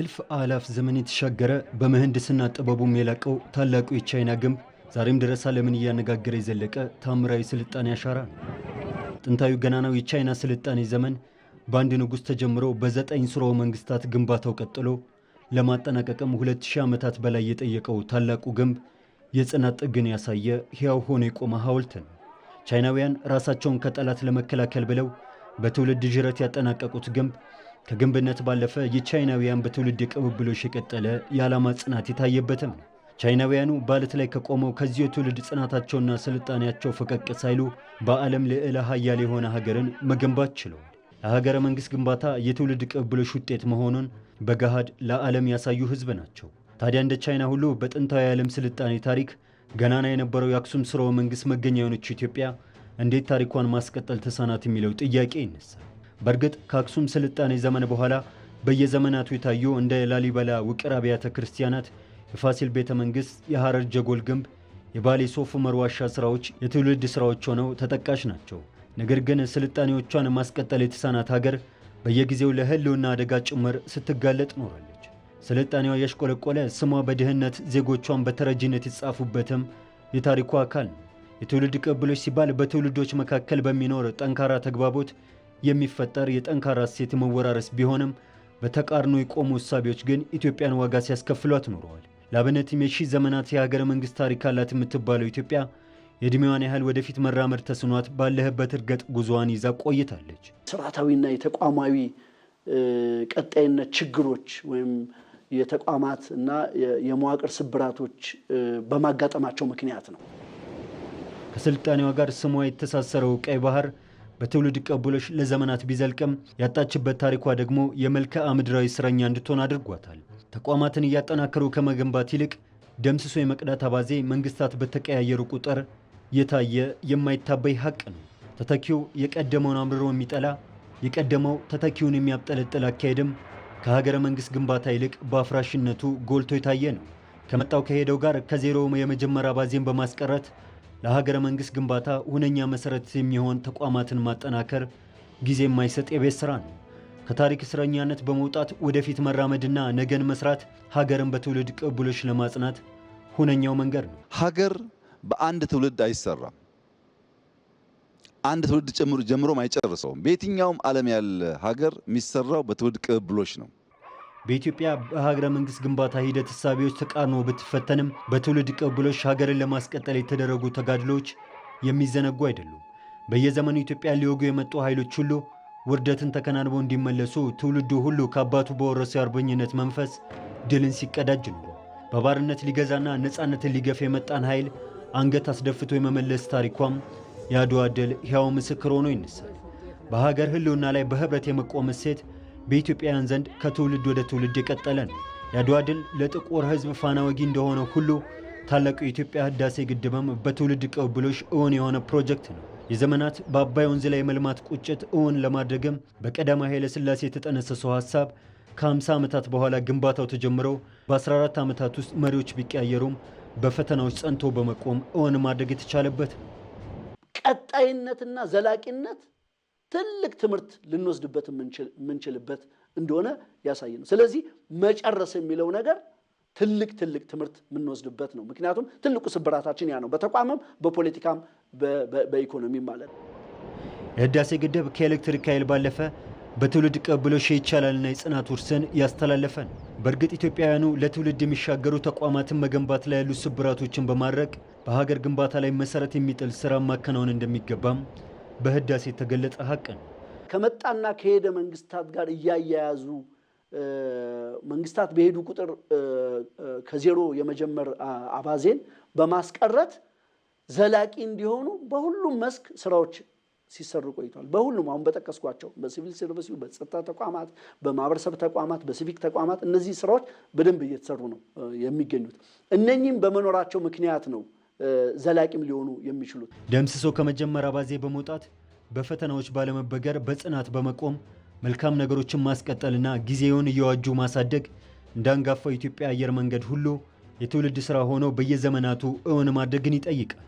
እልፍ አላፍ ዘመን የተሻገረ በምህንድስና ጥበቡም የላቀው ታላቁ የቻይና ግንብ ዛሬም ድረስ ዓለምን እያነጋገረ የዘለቀ ታምራዊ ስልጣኔ አሻራ ጥንታዊ ገናናው የቻይና ስልጣኔ ዘመን በአንድ ንጉሥ ተጀምሮ በዘጠኝ ስሮ መንግስታት ግንባታው ቀጥሎ ለማጠናቀቅም ሁለት ሺህ ዓመታት በላይ የጠየቀው ታላቁ ግንብ የጽናት ጥግን ያሳየ ሕያው ሆኖ የቆመ ሐውልት ነው። ቻይናውያን ራሳቸውን ከጠላት ለመከላከል ብለው በትውልድ ጅረት ያጠናቀቁት ግንብ ከግንብነት ባለፈ የቻይናውያን በትውልድ ቅብብሎሽ የቀጠለ የዓላማ ጽናት የታየበትም ነው። ቻይናውያኑ በዓለት ላይ ከቆመው ከዚህ የትውልድ ጽናታቸውና ስልጣኔያቸው ፈቀቅ ሳይሉ በዓለም ልዕለ ኃያል የሆነ ሀገርን መገንባት ችለዋል። ለሀገረ መንግሥት ግንባታ የትውልድ ቅብብሎሽ ውጤት መሆኑን በገሃድ ለዓለም ያሳዩ ሕዝብ ናቸው። ታዲያ እንደ ቻይና ሁሉ በጥንታዊ የዓለም ስልጣኔ ታሪክ ገናና የነበረው የአክሱም ስርወ መንግሥት መገኛ የሆነችው ኢትዮጵያ እንዴት ታሪኳን ማስቀጠል ተሳናት የሚለው ጥያቄ ይነሳል። በእርግጥ ከአክሱም ስልጣኔ ዘመን በኋላ በየዘመናቱ የታዩ እንደ ላሊበላ ውቅር አብያተ ክርስቲያናት፣ የፋሲል ቤተ መንግሥት፣ የሐረር ጀጎል ግንብ፣ የባሌ ሶፍ ዑመር ዋሻ ሥራዎች የትውልድ ሥራዎች ሆነው ተጠቃሽ ናቸው። ነገር ግን ስልጣኔዎቿን ማስቀጠል የተሳናት ሀገር በየጊዜው ለህልውና አደጋ ጭምር ስትጋለጥ ኖራለች። ስልጣኔዋ ያሽቆለቆለ ስሟ በድህነት ዜጎቿን በተረጂነት የተጻፉበትም የታሪኩ አካል ነው። የትውልድ ቅብብሎች ሲባል በትውልዶች መካከል በሚኖር ጠንካራ ተግባቦት የሚፈጠር የጠንካራ እሴት መወራረስ ቢሆንም በተቃርኖ የቆሙ እሳቤዎች ግን ኢትዮጵያን ዋጋ ሲያስከፍሏት ኑረዋል። ለአብነትም የሺህ ዘመናት የሀገረ መንግሥት ታሪክ አላት የምትባለው ኢትዮጵያ የዕድሜዋን ያህል ወደፊት መራመድ ተስኗት ባለህበት እርገጥ ጉዞዋን ይዛ ቆይታለች። ስርዓታዊና የተቋማዊ ቀጣይነት ችግሮች ወይም የተቋማት እና የመዋቅር ስብራቶች በማጋጠማቸው ምክንያት ነው። ከስልጣኔዋ ጋር ስሟ የተሳሰረው ቀይ ባህር በትውልድ ቀቦሎች ለዘመናት ቢዘልቅም ያጣችበት ታሪኳ ደግሞ የመልክዓ ምድራዊ እስረኛ እንድትሆን አድርጓታል። ተቋማትን እያጠናከሩ ከመገንባት ይልቅ ደምስሶ የመቅዳት አባዜ መንግስታት በተቀያየሩ ቁጥር የታየ የማይታበይ ሀቅ ነው። ተተኪው የቀደመውን አምርሮ የሚጠላ የቀደመው ተተኪውን የሚያብጠለጥል አካሄድም ከሀገረ መንግስት ግንባታ ይልቅ በአፍራሽነቱ ጎልቶ የታየ ነው። ከመጣው ከሄደው ጋር ከዜሮ የመጀመሪያ አባዜን በማስቀረት ለሀገረ መንግስት ግንባታ ሁነኛ መሰረት የሚሆን ተቋማትን ማጠናከር ጊዜ የማይሰጥ የቤት ስራ ነው። ከታሪክ እስረኛነት በመውጣት ወደፊት መራመድና ነገን መስራት ሀገርን በትውልድ ቅብብሎች ለማጽናት ሁነኛው መንገድ ነው። ሀገር በአንድ ትውልድ አይሰራም። አንድ ትውልድ ጀምሮ አይጨርሰውም። በየትኛውም ዓለም ያለ ሀገር የሚሰራው በትውልድ ቅብሎች ነው። በኢትዮጵያ በሀገረ መንግስት ግንባታ ሂደት እሳቤዎች ተቃርኖ ብትፈተንም በትውልድ ቅብብሎች ሀገርን ለማስቀጠል የተደረጉ ተጋድሎዎች የሚዘነጉ አይደሉም። በየዘመኑ ኢትዮጵያ ሊወጉ የመጡ ኃይሎች ሁሉ ውርደትን ተከናንበው እንዲመለሱ ትውልዱ ሁሉ ከአባቱ በወረሰው የአርበኝነት መንፈስ ድልን ሲቀዳጅ ኖሯል። በባርነት ሊገዛና ነፃነትን ሊገፍ የመጣን ኃይል አንገት አስደፍቶ የመመለስ ታሪኳም የአድዋ ድል ሕያው ምስክር ሆኖ ይነሳል። በሀገር ህልውና ላይ በህብረት የመቆም እሴት በኢትዮጵያውያን ዘንድ ከትውልድ ወደ ትውልድ የቀጠለ ነው። የአድዋ ድል ለጥቁር ሕዝብ ፋና ወጊ እንደሆነ ሁሉ ታላቁ የኢትዮጵያ ህዳሴ ግድብም በትውልድ ቅብብሎሽ እውን የሆነ ፕሮጀክት ነው። የዘመናት በአባይ ወንዝ ላይ መልማት ቁጭት እውን ለማድረግም በቀዳማዊ ኃይለ ሥላሴ የተጠነሰሰው ሀሳብ ከ50 ዓመታት በኋላ ግንባታው ተጀምሮ በ14 ዓመታት ውስጥ መሪዎች ቢቀያየሩም በፈተናዎች ጸንቶ በመቆም እውን ማድረግ የተቻለበት ነው። ቀጣይነትና ዘላቂነት ትልቅ ትምህርት ልንወስድበት የምንችልበት እንደሆነ ያሳይ ነው። ስለዚህ መጨረስ የሚለው ነገር ትልቅ ትልቅ ትምህርት የምንወስድበት ነው። ምክንያቱም ትልቁ ስብራታችን ያ ነው፣ በተቋምም በፖለቲካም በኢኮኖሚ ማለት ነው። የህዳሴ ግድብ ከኤሌክትሪክ ኃይል ባለፈ በትውልድ ቀብሎ ሺ ይቻላልና የጽናት ውርስን ያስተላለፈን። በእርግጥ ኢትዮጵያውያኑ ለትውልድ የሚሻገሩ ተቋማትን መገንባት ላይ ያሉ ስብራቶችን በማድረግ በሀገር ግንባታ ላይ መሰረት የሚጥል ስራ ማከናወን እንደሚገባም በህዳሴ የተገለጸ ሀቅ ነው። ከመጣና ከሄደ መንግስታት ጋር እያያያዙ መንግስታት በሄዱ ቁጥር ከዜሮ የመጀመር አባዜን በማስቀረት ዘላቂ እንዲሆኑ በሁሉም መስክ ስራዎች ሲሰሩ ቆይቷል። በሁሉም አሁን በጠቀስኳቸው በሲቪል ሰርቪስ፣ በጸጥታ ተቋማት፣ በማህበረሰብ ተቋማት፣ በሲቪክ ተቋማት እነዚህ ስራዎች በደንብ እየተሰሩ ነው የሚገኙት። እነኚህም በመኖራቸው ምክንያት ነው ዘላቂም ሊሆኑ የሚችሉት። ደምስሶ ከመጀመሪያ ባዜ በመውጣት በፈተናዎች ባለመበገር በጽናት በመቆም መልካም ነገሮችን ማስቀጠልና ጊዜውን እየዋጁ ማሳደግ እንደ አንጋፋው የኢትዮጵያ አየር መንገድ ሁሉ የትውልድ ስራ ሆኖ በየዘመናቱ እውን ማድረግን ይጠይቃል።